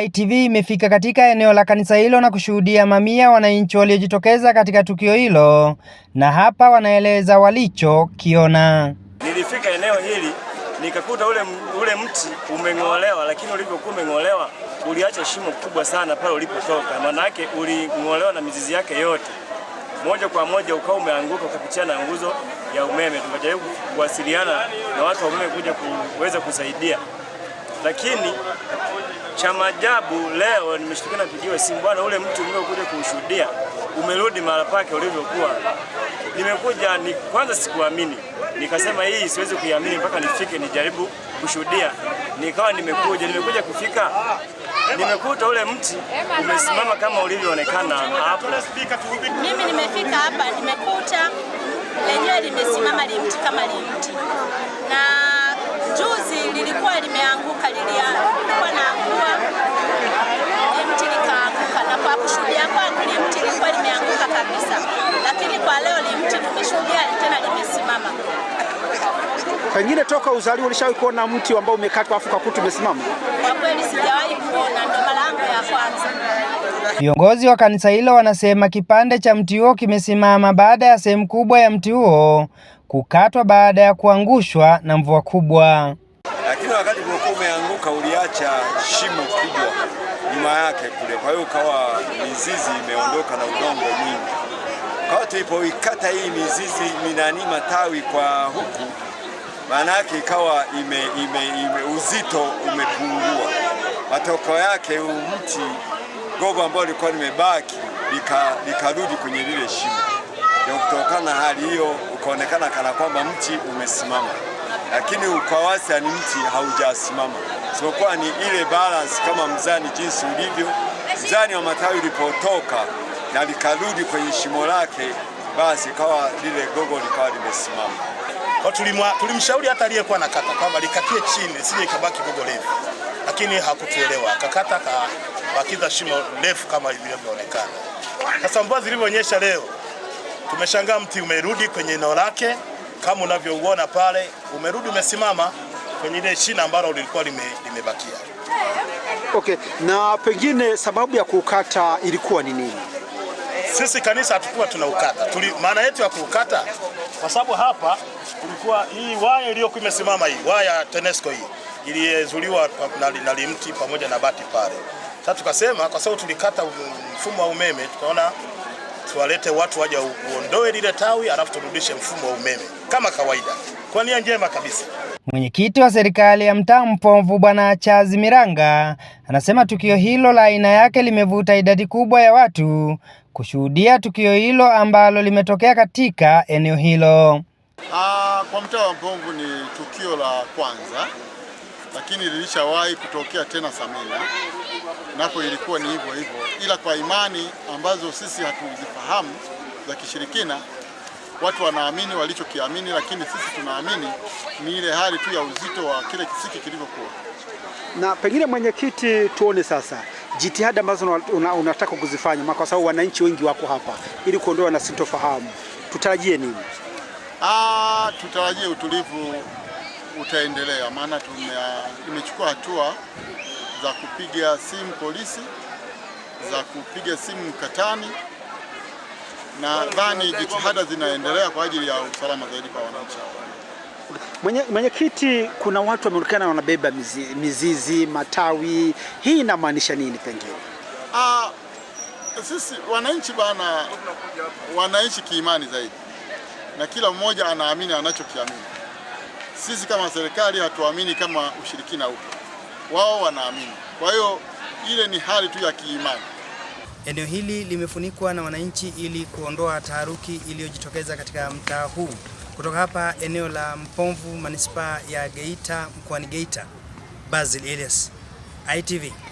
ITV imefika katika eneo la kanisa hilo na kushuhudia mamia wananchi waliojitokeza katika tukio hilo, na hapa wanaeleza walichokiona. Nilifika eneo hili nikakuta ule, ule mti umeng'olewa, lakini ulivyokuwa umeng'olewa uliacha shimo kubwa sana pale ulipotoka. Maana yake uling'olewa na mizizi yake yote moja kwa moja ukawa umeanguka ukapitia na nguzo ya umeme. Tukajaribu kuwasiliana na watu wa umeme kuja kuweza kusaidia lakini cha maajabu leo nimeshtuka na si simu, bwana, ule mtu mliokuja kuushuhudia umerudi mahali pake ulivyokuwa. Nimekuja ni kwanza sikuamini, nikasema hii siwezi kuiamini mpaka nifike nijaribu kushuhudia. Nikawa nimekuja nimekuja kufika nimekuta ule mti umesimama kama ulivyoonekana hapo. Mimi nimefika hapa, nimekuta lenyewe limesimama limti kama limti na juzi limeanguka, lilikuwa na angua mti likaanguka, na kwa kushuhudia kwangu mti lilikuwa limeanguka kabisa, lakini kwa leo mti limeshuhudia tena limesimama. Pengine toka uzaliwa ulishawahi kuona mti ambao umekatwa afu kakutu umesimama? Kwa kweli sijawahi kuona, ndo mara yangu ya kwanza. Viongozi wa kanisa hilo wanasema kipande cha mti huo kimesimama baada ya sehemu kubwa ya mti huo kukatwa baada ya kuangushwa na mvua kubwa wakati uliokuwa umeanguka uliacha shimo kubwa nyuma yake kule, kwa hiyo ukawa mizizi imeondoka na udongo mwingi. Kwa hiyo tulipoikata hii mizizi minani matawi kwa huku, maana yake ikawa ime, ime, ime, uzito umepungua. Matokeo yake mti gogo ambao lilikuwa limebaki likarudi kwenye lile shimo, na kutokana na hali hiyo ukaonekana kana kwamba mti umesimama lakini ukwawasa ni mti haujasimama, isipokuwa ni ile balance kama mzani jinsi ulivyo. Mzani wa matawi ulipotoka na likarudi kwenye shimo lake, basi ikawa lile gogo likawa limesimama. Kwa tulimshauri hata aliyekuwa nakata kwamba likatie chini sije ikabaki gogo refu, lakini hakutuelewa, akakata kabakiza shimo refu kama ilivyoonekana. Sasa mvua zilivyonyesha leo, tumeshangaa mti umerudi kwenye eneo lake kama unavyouona pale, umerudi umesimama kwenye ile shina ambalo lilikuwa limebakia. Okay, na pengine sababu ya kuukata ilikuwa ni nini? Sisi kanisa hatukuwa tunaukata, maana yetu ya kuukata, kwa sababu hapa kulikuwa hii waya iliyokuwa imesimama, hii waya ya TANESCO hii iliyezuliwa na limti pamoja na bati pale. Sasa tukasema kwa sababu tulikata mfumo wa umeme, tukaona tuwalete watu waje uondoe lile tawi, alafu turudishe mfumo wa umeme kama kawaida, kwa nia njema kabisa. Mwenyekiti wa serikali ya mtaa Mpomvu Bwana chazi Miranga anasema tukio hilo la aina yake limevuta idadi kubwa ya watu kushuhudia tukio hilo ambalo limetokea katika eneo hilo. Aa, ah, kwa mtaa wa Mpomvu ni tukio la kwanza lakini lilishawahi kutokea tena Samia, napo ilikuwa ni hivyo hivyo, ila kwa imani ambazo sisi hatuzifahamu za kishirikina, watu wanaamini walichokiamini, lakini sisi tunaamini ni ile hali tu ya uzito wa kile kisiki kilivyokuwa. Na pengine mwenyekiti, tuone sasa jitihada ambazo unataka una, una kuzifanya kwa sababu wananchi wengi wako hapa ili kuondoa na sintofahamu, tutarajie nini? Ah, tutarajie utulivu utaendelea, maana tumechukua hatua za kupiga simu polisi, za kupiga simu katani, na dhani jitihada zinaendelea kwa ajili ya usalama zaidi kwa wananchi. Mwenyekiti, mwenye kuna watu wameonekana wanabeba mizizi, mizizi matawi, hii inamaanisha nini? Pengine ah, sisi wananchi bana wanaishi kiimani zaidi na kila mmoja anaamini anachokiamini. Sisi kama serikali hatuamini kama ushirikina upo, wao wanaamini. Kwa hiyo ile ni hali tu ya kiimani. Eneo hili limefunikwa na wananchi ili kuondoa taharuki iliyojitokeza katika mtaa huu. Kutoka hapa eneo la Mpomvu, manispaa ya Geita, mkoani Geita, Basil Elias, ITV.